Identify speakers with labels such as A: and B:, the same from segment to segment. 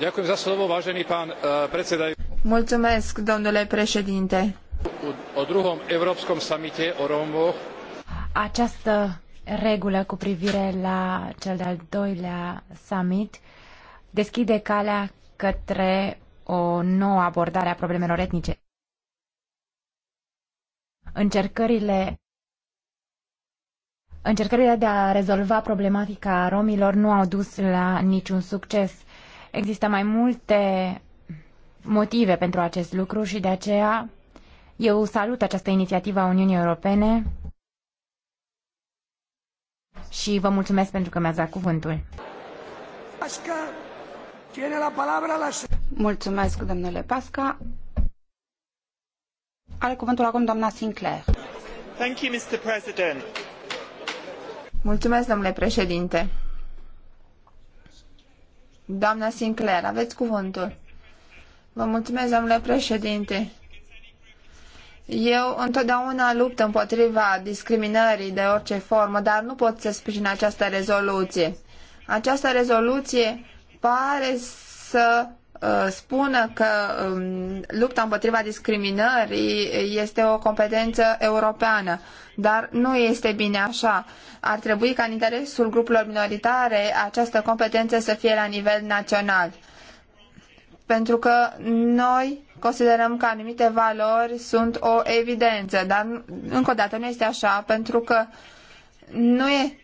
A: Eh,
B: Mulțumesc, domnule președinte.
A: O druhom samite o Această regulă cu privire la cel de-al doilea summit deschide calea către o nouă abordare a problemelor etnice. Încercările Încercările de a rezolva problematica romilor nu au dus la niciun succes. Există mai multe motive pentru acest lucru și de aceea eu salut această inițiativă a Uniunii Europene și vă mulțumesc pentru că mi-ați dat cuvântul.
C: Mulțumesc, domnule Pasca. Are cuvântul acum doamna Sinclair.
B: Thank you, Mr. President. Mulțumesc, domnule președinte. Doamna Sinclair, aveți cuvântul. Vă mulțumesc, domnule președinte. Eu întotdeauna lupt împotriva discriminării de orice formă, dar nu pot să sprijin această rezoluție. Această rezoluție pare să Uh, spună că um, lupta împotriva discriminării este o competență europeană, dar nu este bine așa. Ar trebui ca în interesul grupurilor minoritare această competență să fie la nivel național. Pentru că noi considerăm că anumite valori sunt o evidență, dar încă o dată nu este așa, pentru că nu e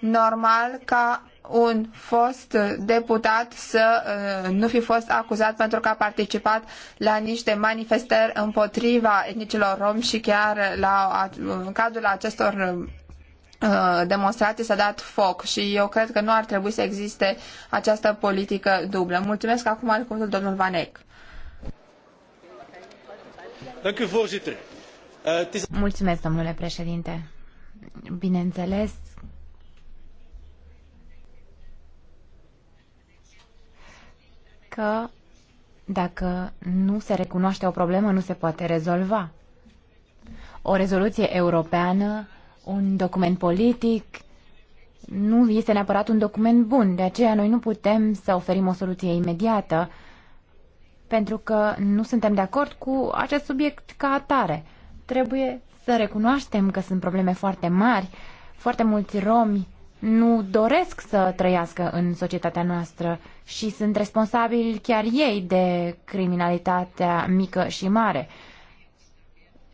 B: normal ca un fost deputat să uh, nu fi fost acuzat pentru că a participat la niște manifestări împotriva etnicilor romi și chiar la, în cadrul acestor uh, demonstrații s-a dat foc și eu cred că nu ar trebui să existe această politică dublă. Mulțumesc acum are cuvântul domnul Vanec. Eh, Mulțumesc, domnule președinte.
A: Bineînțeles, că dacă nu se recunoaște o problemă, nu se poate rezolva. O rezoluție europeană, un document politic, nu este neapărat un document bun. De aceea noi nu putem să oferim o soluție imediată, pentru că nu suntem de acord cu acest subiect ca atare. Trebuie să recunoaștem că sunt probleme foarte mari, foarte mulți romi nu doresc să trăiască în societatea noastră și sunt responsabili chiar ei de criminalitatea mică și mare.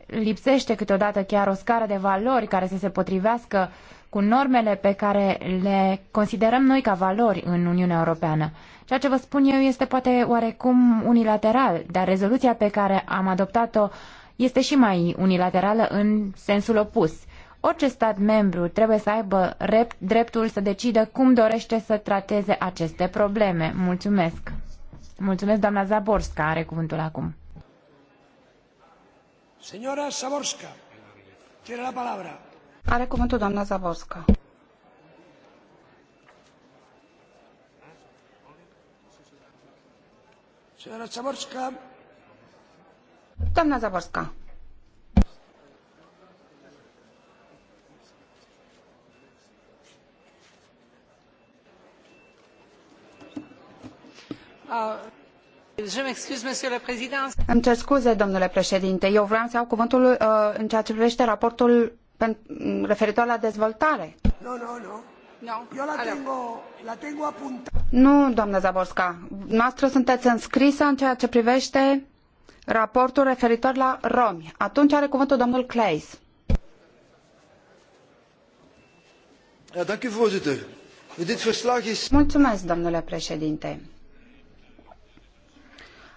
A: Lipsește câteodată chiar o scară de valori care să se potrivească cu normele pe care le considerăm noi ca valori în Uniunea Europeană. Ceea ce vă spun eu este poate oarecum unilateral, dar rezoluția pe care am adoptat-o este și mai unilaterală în sensul opus – Orice stat membru trebuie să aibă dreptul să decidă cum dorește să trateze aceste probleme. Mulțumesc! Mulțumesc, doamna Zaborska are cuvântul acum.
C: Señora Zaborska, tiene la palabra. Are cuvântul doamna Zaborska.
B: Señora Zaborska.
C: Doamna Zaborska. Îmi cer scuze, domnule președinte. Eu vreau să iau cuvântul uh, în ceea ce privește raportul referitor la dezvoltare. No, no, no. No. Eu la tengo, la tengo Nu, doamnă Zaborska. Noastră sunteți înscrisă în ceea ce privește raportul referitor la romi. Atunci are cuvântul domnul Claes. Mulțumesc, domnule președinte.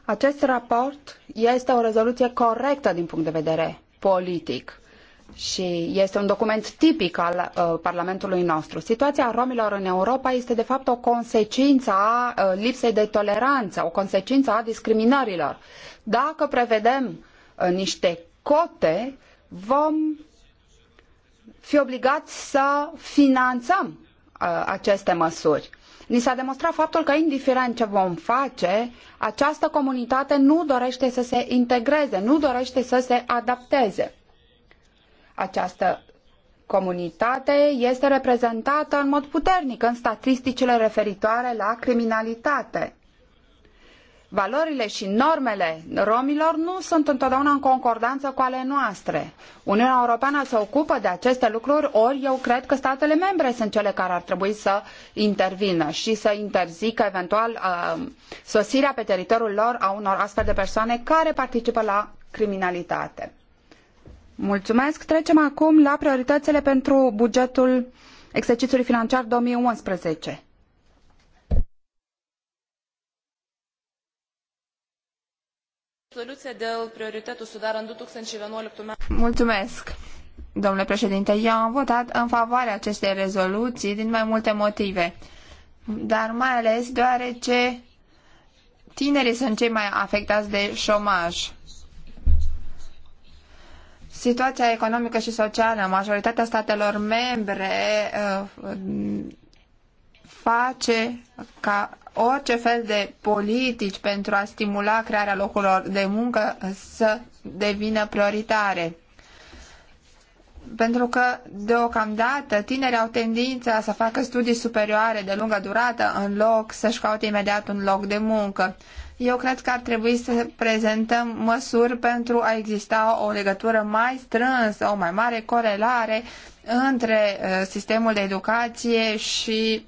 C: Acest raport este o rezoluție corectă din punct de vedere politic și este un document tipic al uh, Parlamentului nostru. Situația romilor în Europa este de fapt o consecință a uh, lipsei de toleranță, o consecință a discriminărilor. Dacă prevedem uh, niște cote, vom fi obligați să finanțăm uh, aceste măsuri. Ni s-a demonstrat faptul că, indiferent ce vom face, această comunitate nu dorește să se integreze, nu dorește să se adapteze. Această comunitate este reprezentată în mod puternic în statisticile referitoare la criminalitate valorile și normele romilor nu sunt întotdeauna în concordanță cu ale noastre. Uniunea Europeană se ocupă de aceste lucruri, ori eu cred că statele membre sunt cele care ar trebui să intervină și să interzică eventual uh, sosirea pe teritoriul lor a unor astfel de persoane care participă la criminalitate. Mulțumesc. Trecem acum la prioritățile pentru bugetul exercițiului financiar 2011.
B: Rezoliuția dėl prioritetų sudarant 2011 Mulțumesc, domnule președinte. Eu am votat în favoarea acestei rezoluții din mai multe motive, dar mai ales deoarece tinerii sunt cei mai afectați de șomaj. Situația economică și socială în majoritatea statelor membre uh, face ca orice fel de politici pentru a stimula crearea locurilor de muncă să devină prioritare. Pentru că, deocamdată, tinerii au tendința să facă studii superioare de lungă durată în loc să-și caute imediat un loc de muncă. Eu cred că ar trebui să prezentăm măsuri pentru a exista o legătură mai strânsă, o mai mare corelare între uh, sistemul de educație și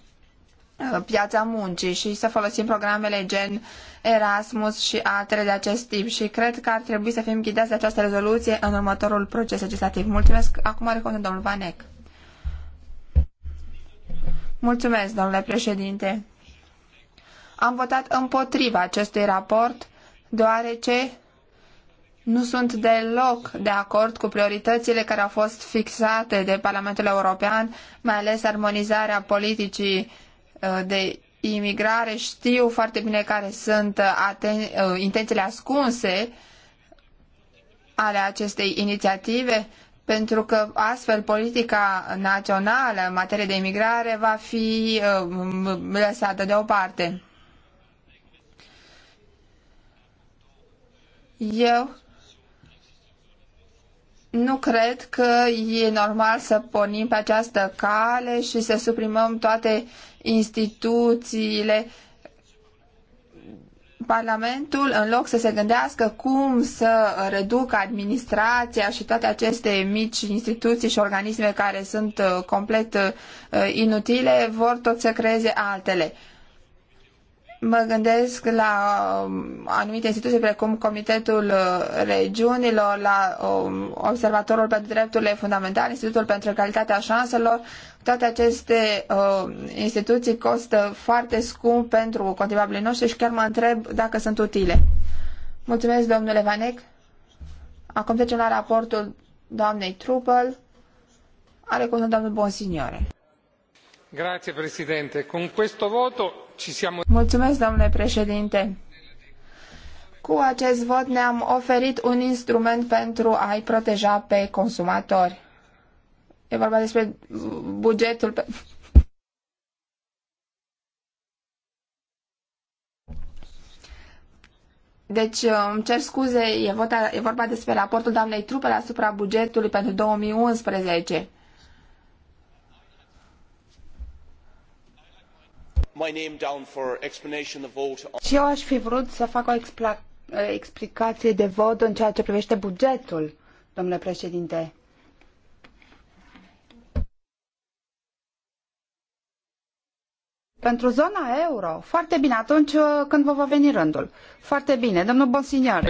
B: Uh, piața muncii și să folosim programele gen Erasmus și altele de acest tip și cred că ar trebui să fim ghidați de această rezoluție în următorul proces legislativ. Mulțumesc. Acum are cuvântul domnul Vanec. Mulțumesc, domnule președinte. Am votat împotriva acestui raport deoarece nu sunt deloc de acord cu prioritățile care au fost fixate de Parlamentul European, mai ales armonizarea politicii Uh, de imigrare știu foarte bine care sunt uh, uh, intențiile ascunse ale acestei inițiative, pentru că astfel politica națională în materie de imigrare va fi lăsată deoparte. Eu nu cred că e normal să pornim pe această cale și să suprimăm toate instituțiile. Parlamentul, în loc să se gândească cum să reducă administrația și toate aceste mici instituții și organisme care sunt uh, complet uh, inutile, vor tot să creeze altele mă gândesc la um, anumite instituții precum Comitetul uh, Regiunilor, la um, Observatorul pentru Drepturile Fundamentale, Institutul pentru Egalitatea Șanselor. Toate aceste um, instituții costă foarte scump pentru contribuabilii noștri și chiar mă întreb dacă sunt utile. Mulțumesc, domnule Vanec. Acum trecem la raportul doamnei Trupel. Are cuvântul domnul Bonsignore. Mulțumesc, domnule președinte. Cu acest vot ne-am oferit un instrument pentru a-i proteja pe consumatori. E vorba despre bugetul pe... Deci, îmi cer scuze, e, vota, e vorba despre raportul doamnei Trupel asupra bugetului pentru 2011. my Și
C: eu aș fi vrut să fac o explicație de vot în ceea ce privește bugetul, domnule președinte. Pentru zona euro. Foarte bine, atunci uh, când vă va veni rândul. Foarte bine, domnul Bonsignor.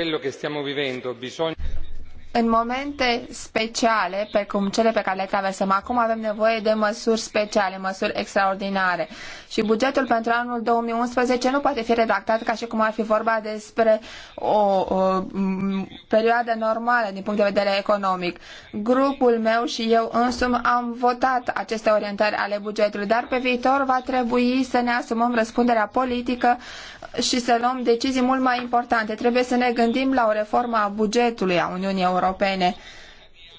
B: În momente speciale, precum cele pe care le traversăm acum, avem nevoie de măsuri speciale, măsuri extraordinare. Și bugetul pentru anul 2011 nu poate fi redactat ca și cum ar fi vorba despre o, o perioadă normală din punct de vedere economic. Grupul meu și eu însumi am votat aceste orientări ale bugetului, dar pe viitor va trebui să ne asumăm răspunderea politică și să luăm decizii mult mai importante. Trebuie să ne gândim la o reformă a bugetului a Uniunii Europene Europene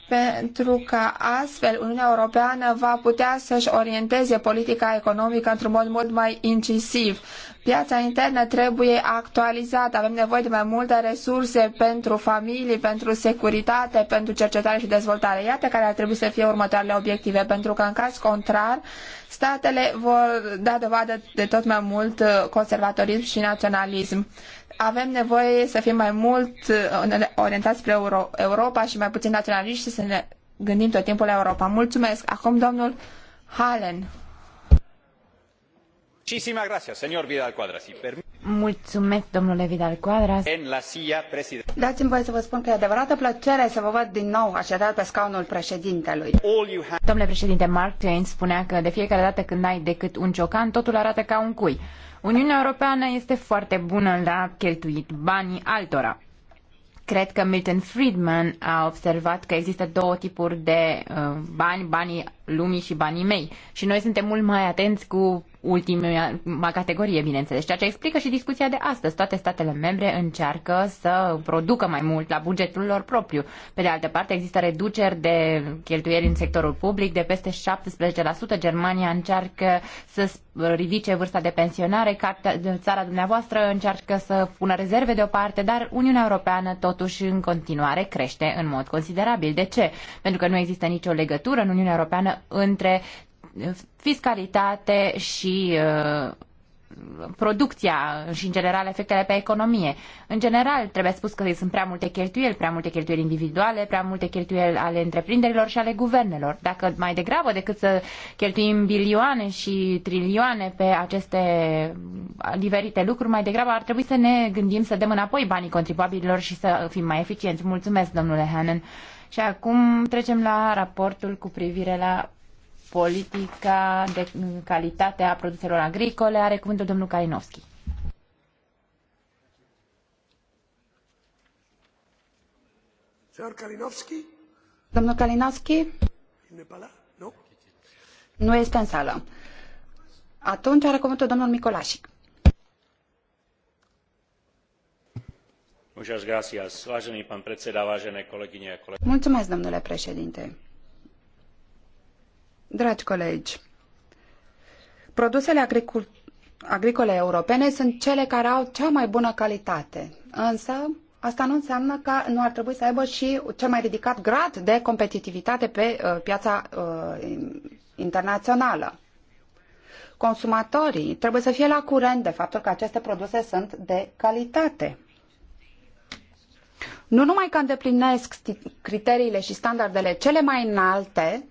B: pentru că astfel Uniunea Europeană va putea să-și orienteze politica economică într-un mod mult mai incisiv. Piața internă trebuie actualizată, avem nevoie de mai multe resurse pentru familii, pentru securitate, pentru cercetare și dezvoltare. Iată care ar trebui să fie următoarele obiective, pentru că în caz contrar, statele vor da dovadă de tot mai mult conservatorism și naționalism avem nevoie să fim mai mult uh, orientați spre Euro Europa și mai puțin naționaliști și să ne gândim tot timpul la Europa. Mulțumesc. Acum domnul Halen.
A: Muchísimas gracias, señor Vidal Quadras.
C: Mulțumesc, domnule Vidal Cuadras. Dați-mi voie să vă spun că e adevărată plăcere să vă văd din nou așezat pe scaunul președintelui. Domnule președinte, Mark
A: Twain spunea că de fiecare dată când ai decât un ciocan, totul arată ca un cui. Uniunea Europeană este foarte bună la cheltuit banii altora. Cred că Milton Friedman a observat că există două tipuri de uh, bani, banii lumii și banii mei. Și noi suntem mult mai atenți cu ultima categorie, bineînțeles, ceea ce explică și discuția de astăzi. Toate statele membre încearcă să producă mai mult la bugetul lor propriu. Pe de altă parte, există reduceri de cheltuieli în sectorul public de peste 17%. Germania încearcă să ridice vârsta de pensionare, țara dumneavoastră încearcă să pună rezerve deoparte, dar Uniunea Europeană totuși în continuare crește în mod considerabil. De ce? Pentru că nu există nicio legătură în Uniunea Europeană între fiscalitate și uh, producția și, în general, efectele pe economie. În general, trebuie spus că sunt prea multe cheltuieli, prea multe cheltuieli individuale, prea multe cheltuieli ale întreprinderilor și ale guvernelor. Dacă mai degrabă decât să cheltuim bilioane și trilioane pe aceste diferite lucruri, mai degrabă ar trebui să ne gândim să dăm înapoi banii contribuabililor și să fim mai eficienți. Mulțumesc, domnule Hannan. Și acum trecem la raportul cu privire la politica de calitate a produselor agricole. Are cuvântul domnul Kainovski.
C: Domnul Kalinowski? Nu este în sală. Atunci are cuvântul domnul Micolașic. domnule președinte. Dragi colegi, produsele agricole europene sunt cele care au cea mai bună calitate, însă asta nu înseamnă că nu ar trebui să aibă și cel mai ridicat grad de competitivitate pe uh, piața uh, internațională consumatorii trebuie să fie la curent de faptul că aceste produse sunt de calitate nu numai că îndeplinesc criteriile și standardele cele mai înalte,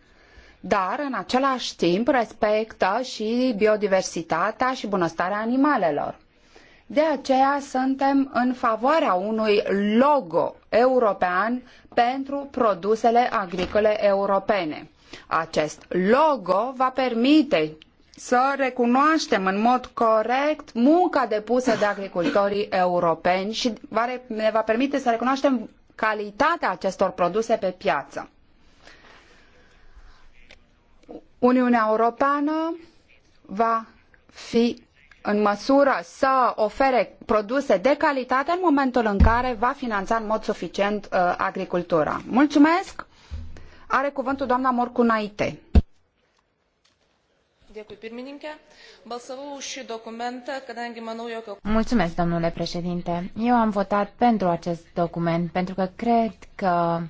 C: dar în același timp respectă și biodiversitatea și bunăstarea animalelor. De aceea suntem în favoarea unui logo european pentru produsele agricole europene. Acest logo va permite să recunoaștem în mod corect munca depusă de agricultorii europeni și ne va permite să recunoaștem calitatea acestor produse pe piață. Uniunea Europeană va fi în măsură să ofere produse de calitate în momentul în care va finanța în mod suficient uh, agricultura. Mulțumesc! Are cuvântul doamna Morcunaite.
A: Mulțumesc, domnule președinte. Eu am votat pentru acest document pentru că cred că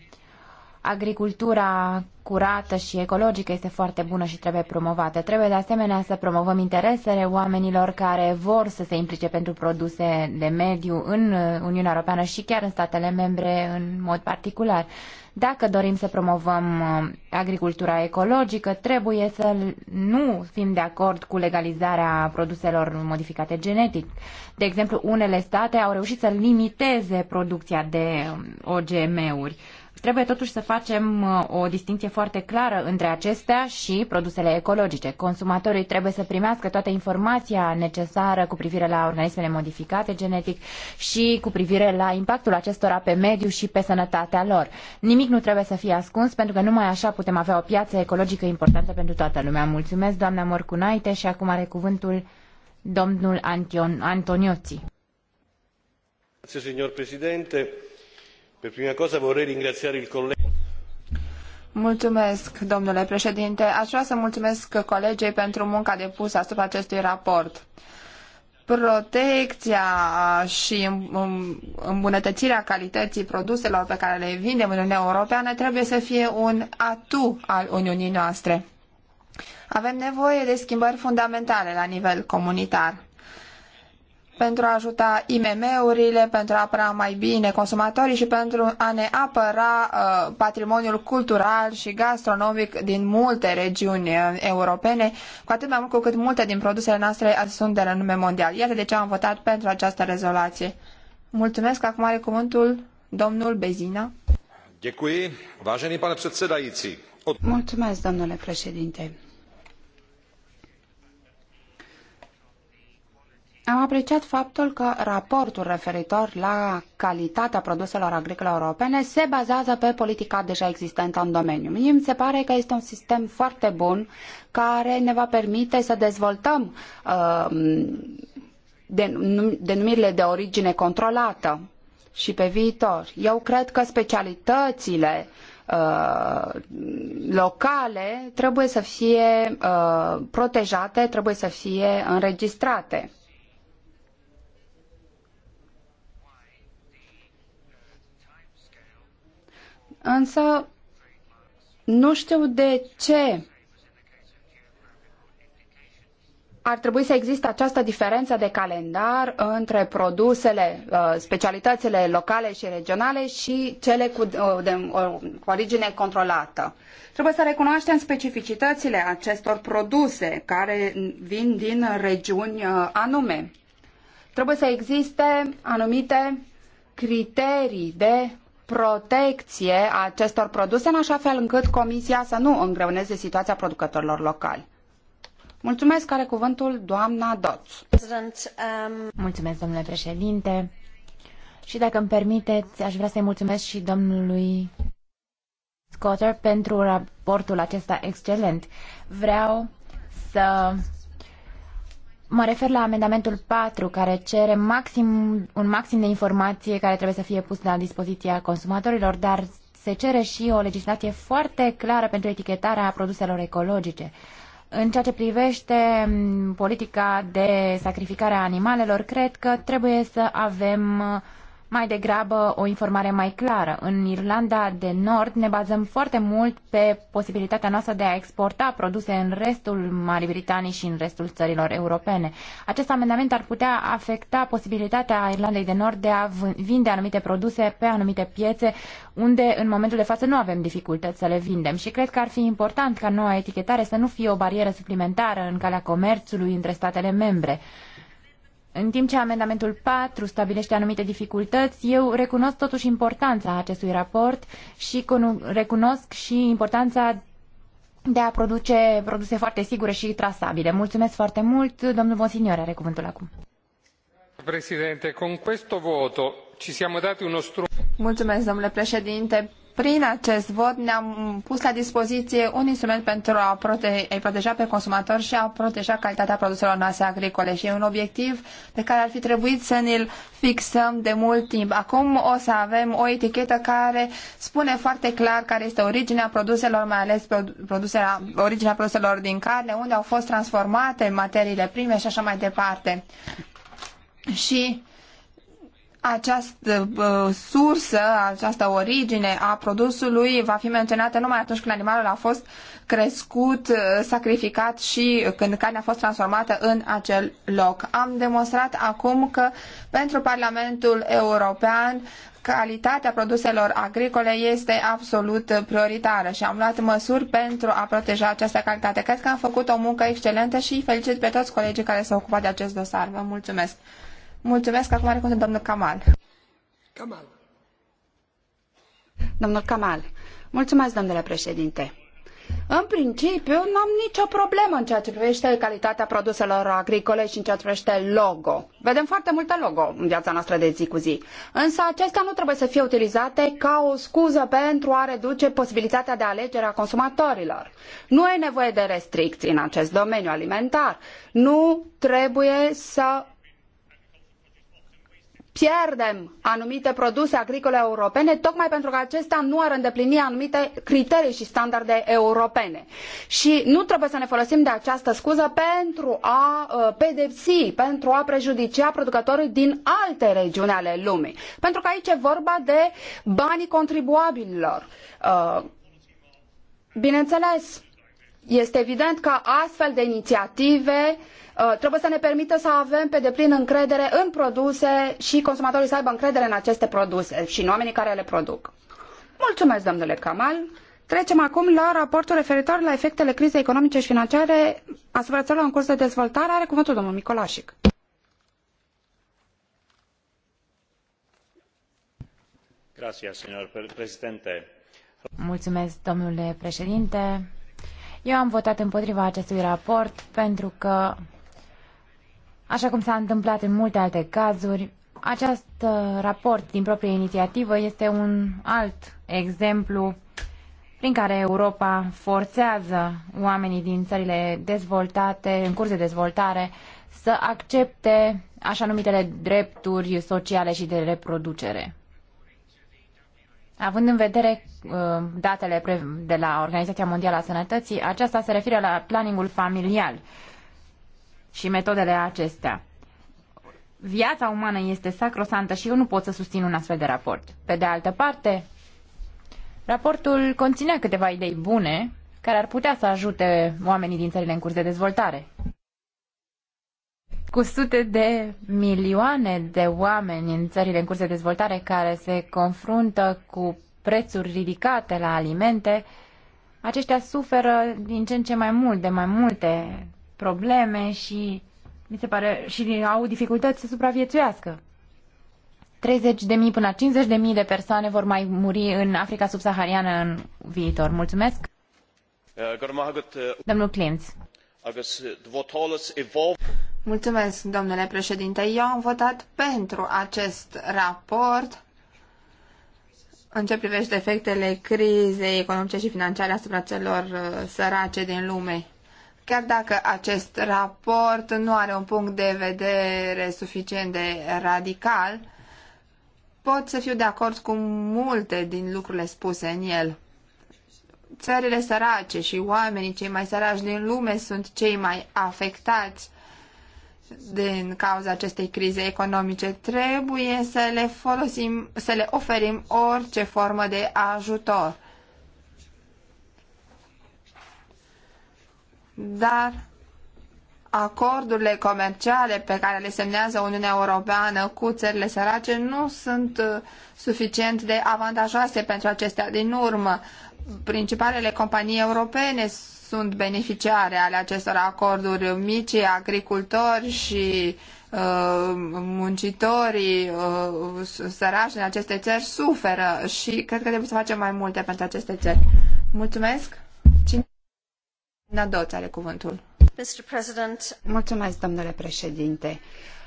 A: agricultura curată și ecologică este foarte bună și trebuie promovată. Trebuie de asemenea să promovăm interesele oamenilor care vor să se implice pentru produse de mediu în Uniunea Europeană și chiar în statele membre în mod particular. Dacă dorim să promovăm uh, agricultura ecologică, trebuie să nu fim de acord cu legalizarea produselor modificate genetic. De exemplu, unele state au reușit să limiteze producția de um, OGM-uri Trebuie totuși să facem uh, o distinție foarte clară între acestea și produsele ecologice. Consumatorii trebuie să primească toată informația necesară cu privire la organismele modificate genetic și cu privire la impactul acestora pe mediu și pe sănătatea lor. Nimic nu trebuie să fie ascuns pentru că numai așa putem avea o piață ecologică importantă pentru toată lumea. Mulțumesc, doamna Morcunaite, și acum are cuvântul domnul
B: Antonioții.
C: Mulțumesc, Per prima cosa vorrei ringraziare il collega.
B: Mulțumesc, domnule președinte. Aș vrea să mulțumesc colegei pentru munca depusă asupra acestui raport. Protecția și îmbunătățirea calității produselor pe care le vindem în Uniunea Europeană trebuie să fie un atu al Uniunii noastre. Avem nevoie de schimbări fundamentale la nivel comunitar pentru a ajuta IMM-urile, pentru a apăra mai bine consumatorii și pentru a ne apăra uh, patrimoniul cultural și gastronomic din multe regiuni uh, europene, cu atât mai mult cu cât multe din produsele noastre sunt de renume mondial. Iată de ce am votat pentru această rezoluție? Mulțumesc, acum are cuvântul domnul Bezina. Mulțumesc, domnule președinte.
C: Am apreciat faptul că raportul referitor la calitatea produselor agricole europene se bazează pe politica deja existentă în domeniu. Mie mi se pare că este un sistem foarte bun care ne va permite să dezvoltăm uh, denumirile de origine controlată și pe viitor. Eu cred că specialitățile uh, locale trebuie să fie uh, protejate, trebuie să fie înregistrate. însă nu știu de ce ar trebui să existe această diferență de calendar între produsele, uh, specialitățile locale și regionale și cele cu, uh, de, uh, cu origine controlată. Trebuie să recunoaștem specificitățile acestor produse care vin din regiuni anume. Trebuie să existe anumite criterii de protecție a acestor produse, în așa fel încât Comisia să nu îngreuneze situația producătorilor locali. Mulțumesc, are cuvântul doamna Doț.
B: Um,
A: mulțumesc, domnule președinte. Și dacă îmi permiteți, aș vrea să-i mulțumesc și domnului Scotter pentru raportul acesta excelent. Vreau să Mă refer la amendamentul 4, care cere maxim, un maxim de informație care trebuie să fie pus la dispoziția consumatorilor, dar se cere și o legislație foarte clară pentru etichetarea produselor ecologice. În ceea ce privește politica de sacrificare a animalelor, cred că trebuie să avem mai degrabă o informare mai clară. În Irlanda de Nord ne bazăm foarte mult pe posibilitatea noastră de a exporta produse în restul Marii Britanii și în restul țărilor europene. Acest amendament ar putea afecta posibilitatea Irlandei de Nord de a vinde anumite produse pe anumite piețe unde în momentul de față nu avem dificultăți să le vindem și cred că ar fi important ca noua etichetare să nu fie o barieră suplimentară în calea comerțului între statele membre. În timp ce amendamentul 4 stabilește anumite dificultăți, eu recunosc totuși importanța acestui raport și recunosc și importanța de a produce produse foarte sigure și trasabile. Mulțumesc foarte mult. Domnul Monsignore are cuvântul acum.
B: con questo voto ci siamo dati uno strumento. Mulțumesc, domnule președinte. Prin acest vot ne-am pus la dispoziție un instrument pentru a prote- a proteja pe consumator și a proteja calitatea produselor noastre agricole și e un obiectiv pe care ar fi trebuit să ne-l fixăm de mult timp. Acum o să avem o etichetă care spune foarte clar care este originea produselor, mai ales produsele, originea produselor din carne, unde au fost transformate materiile prime și așa mai departe. Și această uh, sursă, această origine a produsului va fi menționată numai atunci când animalul a fost crescut, uh, sacrificat și când carnea a fost transformată în acel loc. Am demonstrat acum că pentru Parlamentul European calitatea produselor agricole este absolut prioritară și am luat măsuri pentru a proteja această calitate. Cred că am făcut o muncă excelentă și felicit pe toți colegii care s-au ocupat de acest dosar. Vă mulțumesc! Mulțumesc. Acum are cuvântul domnul Kamal. Kamal.
C: Domnul Kamal. Mulțumesc, domnule președinte. În principiu, nu am nicio problemă în ceea ce privește calitatea produselor agricole și în ceea ce privește logo. Vedem foarte multe logo în viața noastră de zi cu zi. Însă acestea nu trebuie să fie utilizate ca o scuză pentru a reduce posibilitatea de alegere a consumatorilor. Nu e nevoie de restricții în acest domeniu alimentar. Nu trebuie să pierdem anumite produse agricole europene tocmai pentru că acestea nu ar îndeplini anumite criterii și standarde europene. Și nu trebuie să ne folosim de această scuză pentru a uh, pedepsi, pentru a prejudicia producătorii din alte regiuni ale lumii. Pentru că aici e vorba de banii contribuabililor. Uh, bineînțeles, este evident că astfel de inițiative uh, trebuie să ne permită să avem pe deplin încredere în produse și consumatorii să aibă încredere în aceste produse și în oamenii care le produc. Mulțumesc, domnule Kamal. Trecem acum la raportul referitor la efectele crizei economice și financiare asupra țărilor în curs de dezvoltare. Are cuvântul domnul Micolașic.
A: Mulțumesc, domnule președinte. Eu am votat împotriva acestui raport pentru că, așa cum s-a întâmplat în multe alte cazuri, acest uh, raport din proprie inițiativă este un alt exemplu prin care Europa forțează oamenii din țările dezvoltate, în curs de dezvoltare, să accepte așa numitele drepturi sociale și de reproducere. Având în vedere uh, datele de la Organizația Mondială a Sănătății, aceasta se referă la planningul familial și metodele acestea. Viața umană este sacrosantă și eu nu pot să susțin un astfel de raport. Pe de altă parte, raportul conținea câteva idei bune care ar putea să ajute oamenii din țările în curs de dezvoltare cu sute de milioane de oameni în țările în curs de dezvoltare care se confruntă cu prețuri ridicate la alimente, aceștia suferă din ce în ce mai mult de mai multe probleme și mi se pare și au dificultăți să supraviețuiască. 30 de mii până la 50 de mii de persoane vor mai muri în Africa subsahariană în viitor. Mulțumesc.
C: Eh, eh, Domnul
A: Clint.
B: Mulțumesc, domnule președinte. Eu am votat pentru acest raport în ce privește efectele crizei economice și financiare asupra celor uh, sărace din lume. Chiar dacă acest raport nu are un punct de vedere suficient de radical, pot să fiu de acord cu multe din lucrurile spuse în el. Țările sărace și oamenii cei mai săraci din lume sunt cei mai afectați din cauza acestei crize economice. Trebuie să le folosim, să le oferim orice formă de ajutor. Dar acordurile comerciale pe care le semnează Uniunea Europeană cu țările sărace nu sunt uh, suficient de avantajoase pentru acestea din urmă principalele companii europene sunt beneficiare ale acestor acorduri, micii agricultori și uh, muncitorii uh, în aceste țări suferă și cred că trebuie să facem mai multe pentru aceste țări. Mulțumesc. Cine are cuvântul. Mr. President. Mulțumesc, domnule președinte.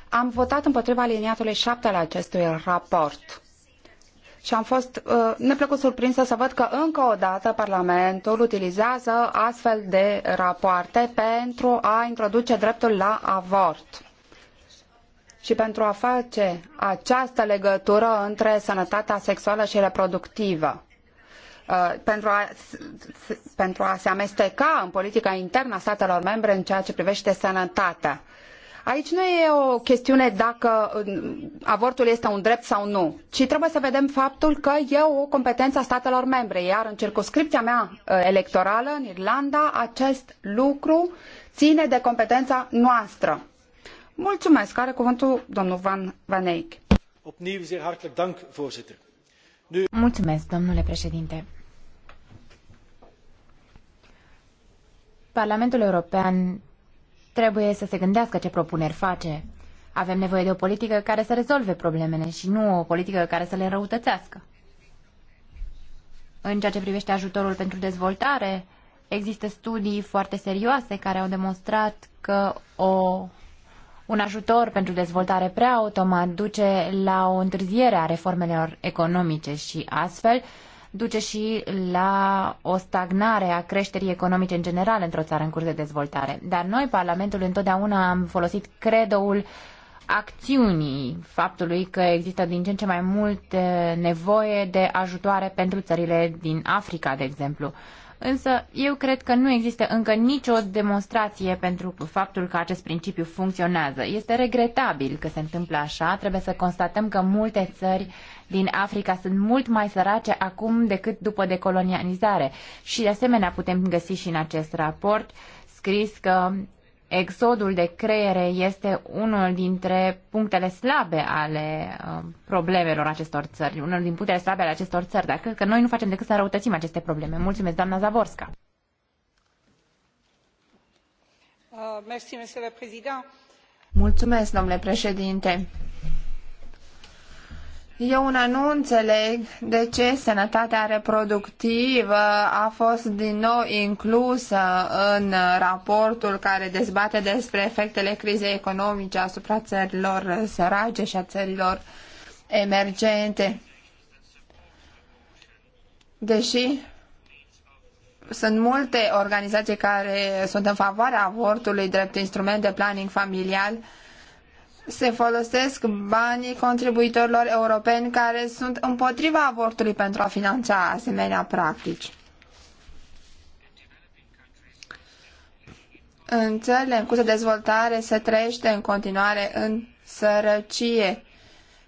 B: Am votat împotriva
C: aliniatului 7 al acestui raport și am fost uh, neplăcut surprinsă să văd că încă o dată Parlamentul utilizează astfel de rapoarte pentru a introduce dreptul la avort și pentru a face această legătură între sănătatea sexuală și reproductivă. Uh, pentru, a, pentru a se amesteca în politica internă a statelor membre în ceea ce privește sănătatea. Aici nu e o chestiune dacă uh, avortul este un drept sau nu, ci trebuie să vedem faptul că e o competență a statelor membre, iar în circuscripția mea uh, electorală, în Irlanda, acest lucru ține de competența noastră. Mulțumesc. Are cuvântul domnul Van, Van Eyck.
A: Opnieuw hartelijk dank, voorzitter.
C: Mulțumesc, domnule
A: președinte. Parlamentul European trebuie să se gândească ce propuneri face. Avem nevoie de o politică care să rezolve problemele și nu o politică care să le răutățească. În ceea ce privește ajutorul pentru dezvoltare, există studii foarte serioase care au demonstrat că o, un ajutor pentru dezvoltare prea automat duce la o întârziere a reformelor economice și astfel duce și la o stagnare a creșterii economice în general într-o țară în curs de dezvoltare. Dar noi, Parlamentul, întotdeauna am folosit credoul acțiunii faptului că există din ce în ce mai mult nevoie de ajutoare pentru țările din Africa, de exemplu. Însă eu cred că nu există încă nicio demonstrație pentru faptul că acest principiu funcționează. Este regretabil că se întâmplă așa, trebuie să constatăm că multe țări din Africa sunt mult mai sărace acum decât după decolonializare. Și de asemenea putem găsi și în acest raport scris că exodul de creiere este unul dintre punctele slabe ale uh, problemelor acestor țări, unul din punctele slabe ale acestor țări, dar cred că noi nu facem decât să înrăutățim aceste probleme. Mulțumesc, doamna Zavorska.
C: Uh,
B: Mulțumesc, domnule președinte eu una nu înțeleg de ce sănătatea reproductivă a fost din nou inclusă în raportul care dezbate despre efectele crizei economice asupra țărilor sărace și a țărilor emergente. Deși sunt multe organizații care sunt în favoarea avortului drept instrument de planning familial, se folosesc banii contribuitorilor europeni care sunt împotriva avortului pentru a finanța asemenea practici. În țările în curs de dezvoltare se trăiește în continuare în sărăcie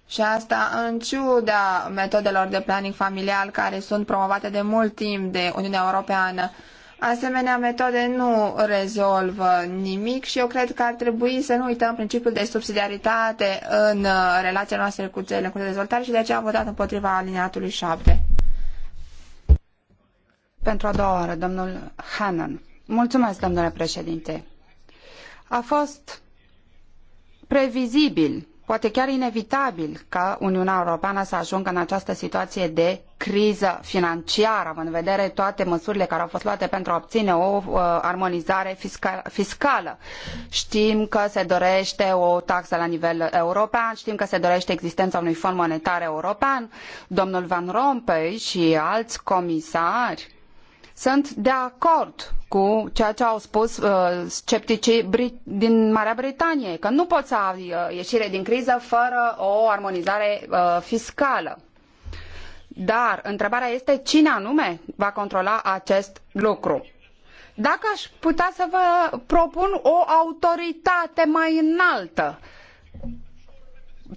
B: și asta în ciuda metodelor de planning familial care sunt promovate de mult timp de Uniunea Europeană Asemenea, metode nu rezolvă nimic și eu cred că ar trebui să nu uităm principiul de subsidiaritate în uh, relația noastră cu țările cu dezvoltare și de aceea am votat împotriva alineatului 7.
C: Pentru a doua oară, domnul Hannan. Mulțumesc, domnule președinte. A fost previzibil poate chiar inevitabil ca Uniunea Europeană să ajungă în această situație de criză financiară, având în vedere toate măsurile care au fost luate pentru a obține o uh, armonizare fiscală. Știm că se dorește o taxă la nivel european, știm că se dorește existența unui fond monetar european. Domnul Van Rompuy și alți comisari sunt de acord cu ceea ce au spus uh, scepticii din Marea Britanie, că nu poți să ai uh, ieșire din criză fără o armonizare uh, fiscală. Dar întrebarea este cine anume va controla acest lucru. Dacă aș putea să vă propun o autoritate mai înaltă,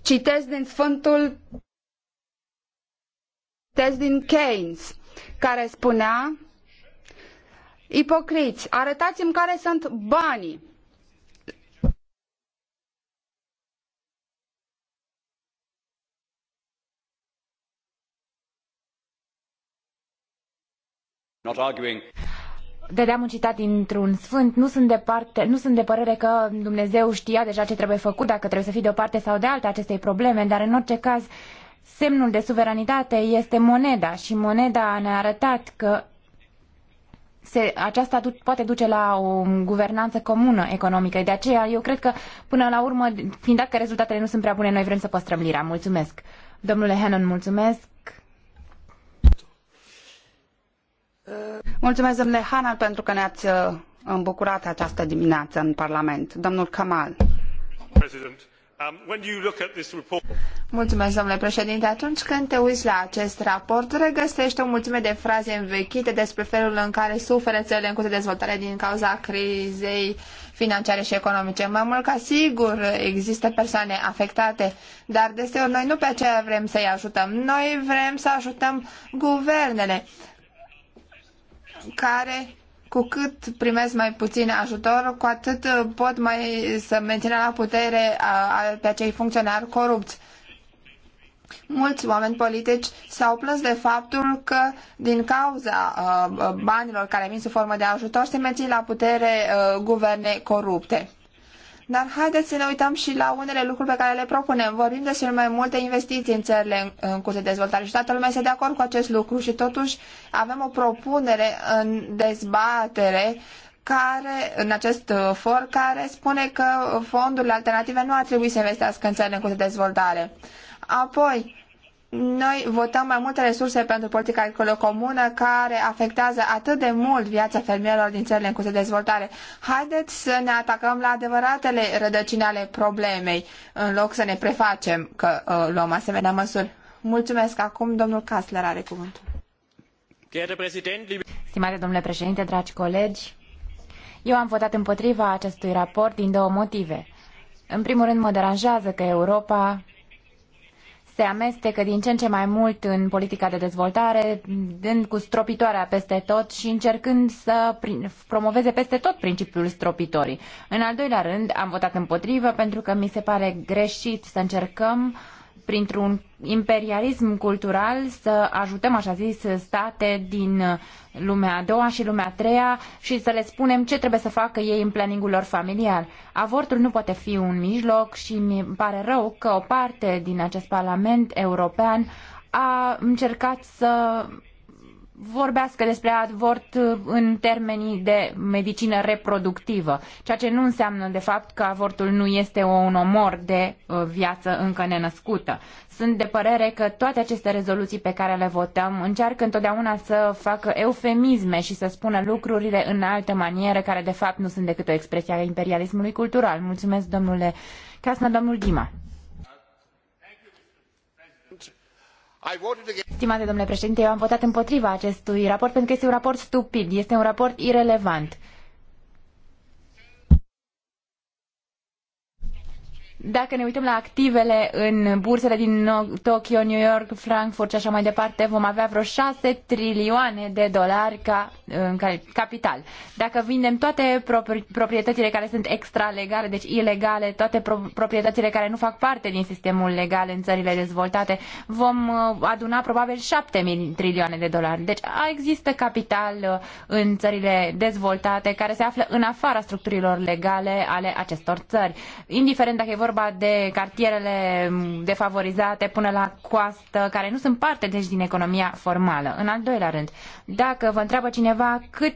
C: citesc din Sfântul, citesc din Keynes, care spunea ipocriți, arătați-mi care sunt banii. Not arguing.
A: Dădeam un citat dintr-un sfânt, nu sunt, de parte, nu sunt de părere că Dumnezeu știa deja ce trebuie făcut, dacă trebuie să fie de o parte sau de alta acestei probleme, dar în orice caz semnul de suveranitate este moneda și moneda ne-a arătat că se, aceasta du- poate duce la o guvernanță comună economică. De aceea eu cred că până la urmă, fiind dacă rezultatele nu sunt prea bune, noi vrem să
C: păstrăm lira. Mulțumesc. Domnule Hannon, mulțumesc. Mulțumesc, domnule Hanan, pentru că ne-ați uh, îmbucurat această
B: dimineață în Parlament. Domnul Kamal.
C: President. Um,
B: Mulțumesc, domnule președinte. Atunci când te uiți la acest raport, regăsești o mulțime de fraze învechite despre felul în care suferă țările în curs de dezvoltare din cauza crizei financiare și economice. Mai mult ca sigur există persoane afectate, dar deseori noi nu pe aceea vrem să-i ajutăm. Noi vrem să ajutăm guvernele care cu cât primesc mai puțin ajutor, cu atât uh, pot mai uh, să mențină la putere pe acei funcționari corupți. Mulți oameni politici s-au plâns de faptul că din cauza uh, banilor care vin sub formă de ajutor se mențin la putere guverne corupte. Dar haideți să ne uităm și la unele lucruri pe care le propunem. Vorbim despre mai multe investiții în țările în curs de dezvoltare și toată lumea este de acord cu acest lucru și totuși avem o propunere în dezbatere care, în acest uh, for care spune că fondurile alternative nu ar trebui să investească în țările în curs de dezvoltare. Apoi, noi votăm mai multe resurse pentru politica agricolă comună care afectează atât de mult viața fermierilor din țările în curs de dezvoltare. Haideți să ne atacăm la adevăratele rădăcini ale problemei, în loc să ne prefacem că uh, luăm asemenea măsuri. Mulțumesc. Acum domnul Kassler are cuvântul.
A: Stimate domnule președinte, dragi colegi, eu am votat împotriva acestui raport din două motive. În primul rând, mă deranjează că Europa se amestecă din ce în ce mai mult în politica de dezvoltare, dând cu stropitoarea peste tot și încercând să promoveze peste tot principiul stropitorii. În al doilea rând, am votat împotrivă pentru că mi se pare greșit să încercăm uh, printr-un imperialism cultural să ajutăm, așa zis, state din lumea a doua și lumea a treia și să le spunem ce trebuie să facă ei în planningul lor familial. Avortul nu poate fi un mijloc și mi pare rău că o parte din acest Parlament european a încercat să vorbească despre avort în termenii de medicină reproductivă, ceea ce nu înseamnă de fapt că avortul nu este un omor de uh, viață încă nenăscută. Sunt de părere că toate aceste rezoluții pe care le votăm încearcă întotdeauna să facă eufemisme și să spună lucrurile în altă manieră, care de fapt nu sunt decât o expresie a imperialismului cultural. Mulțumesc, domnule Casna, domnul Dima. Stimate domnule președinte, eu am votat împotriva acestui raport pentru că este un raport stupid, este un raport irelevant. Dacă ne uităm la activele în bursele din Tokyo, New York, Frankfurt și așa mai departe, vom avea vreo 6 trilioane de dolari ca, în capital. Dacă vindem toate proprietățile care sunt extralegale, deci ilegale, toate proprietățile care nu fac parte din sistemul legal în țările dezvoltate, vom uh, aduna probabil 7 trilioane de dolari. Deci există capital uh, în țările dezvoltate care se află în afara structurilor legale ale acestor țări. Indiferent dacă e vorba vorba de cartierele defavorizate până la coastă, care nu sunt parte deci din economia formală. În al doilea rând, dacă vă întreabă cineva cât,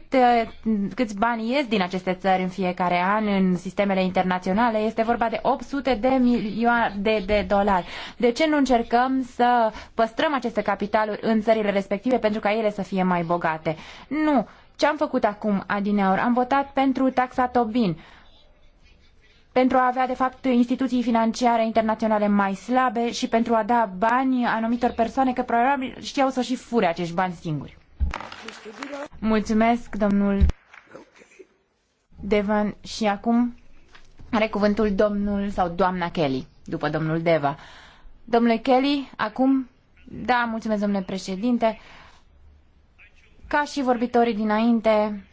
A: câți bani ies din aceste țări în fiecare an în sistemele internaționale, este vorba de 800 de milioane de dolari. De ce nu încercăm să păstrăm aceste capitaluri în țările respective pentru ca ele să fie mai bogate? Nu. Ce am făcut acum, Adineaur? Am votat pentru taxa Tobin pentru a avea, de fapt, instituții financiare internaționale mai slabe și pentru a da bani anumitor persoane care probabil știau să și fure acești bani singuri. Mulțumesc, domnul Devan. Și acum are cuvântul domnul sau doamna Kelly, după domnul Deva. Domnule Kelly, acum, da, mulțumesc, domnule președinte. Ca și vorbitorii dinainte,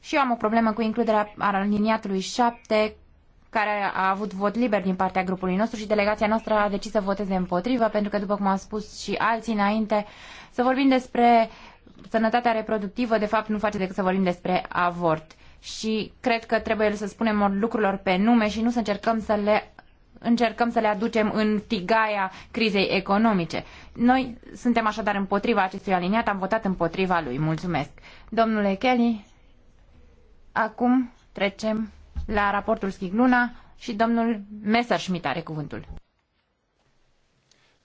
A: și eu am o problemă cu includerea aliniatului 7 care a avut vot liber din partea grupului nostru și delegația noastră a decis să voteze împotrivă, pentru că, după cum au spus și alții înainte, să vorbim despre sănătatea reproductivă, de fapt, nu face decât să vorbim despre avort. Și cred că trebuie să spunem lucrurilor pe nume și nu să încercăm să le încercăm să le aducem în tigaia crizei economice. Noi suntem așadar împotriva acestui aliniat, am votat împotriva lui. Mulțumesc. Domnule Kelly, acum trecem la raportul Schigluna și domnul Messerschmidt are cuvântul.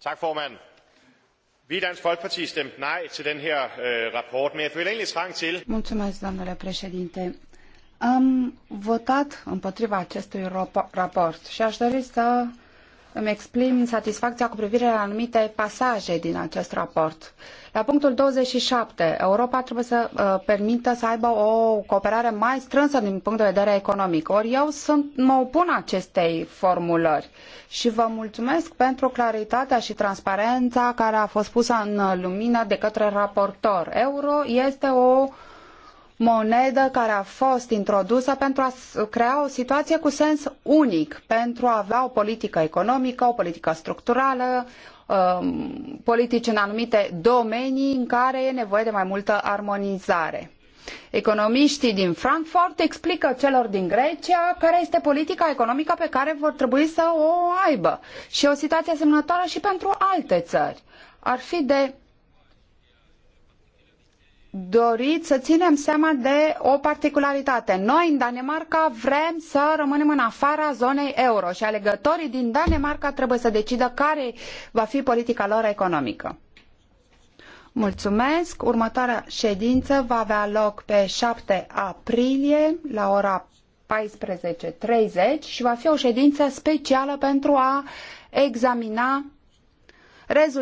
C: Tak, formand. Vi Dansk Folkeparti stemte nej til den her øh, rapport, men jeg føler egentlig trang til... Mulțumesc, domnule președinte. Am votat împotriva acestui raport și aș dori să îmi exprim satisfacția cu privire la anumite pasaje din acest raport. Uh, la punctul 27, Europa trebuie să uh, permită să aibă o cooperare mai strânsă din punct de vedere economic. Ori eu sunt, mă opun acestei formulări și vă mulțumesc pentru claritatea și transparența care a fost pusă în lumină de către raportor. Euro este o monedă care a fost introdusă pentru a crea o situație cu sens unic, pentru a avea o politică economică, o politică structurală, Um, politici în anumite domenii în care e nevoie de mai multă armonizare. Economiștii din Frankfurt explică celor din Grecia care este politica economică pe care vor trebui să o aibă. Și o situație asemănătoare și pentru alte țări. Ar fi de dorit să ținem seama de o particularitate. Noi, în Danemarca, vrem să rămânem în afara zonei euro și alegătorii din Danemarca trebuie să decidă care va fi politica lor economică. Mulțumesc. Următoarea ședință va avea loc pe 7 aprilie la ora 14.30 și va fi o ședință specială pentru a examina rezultatele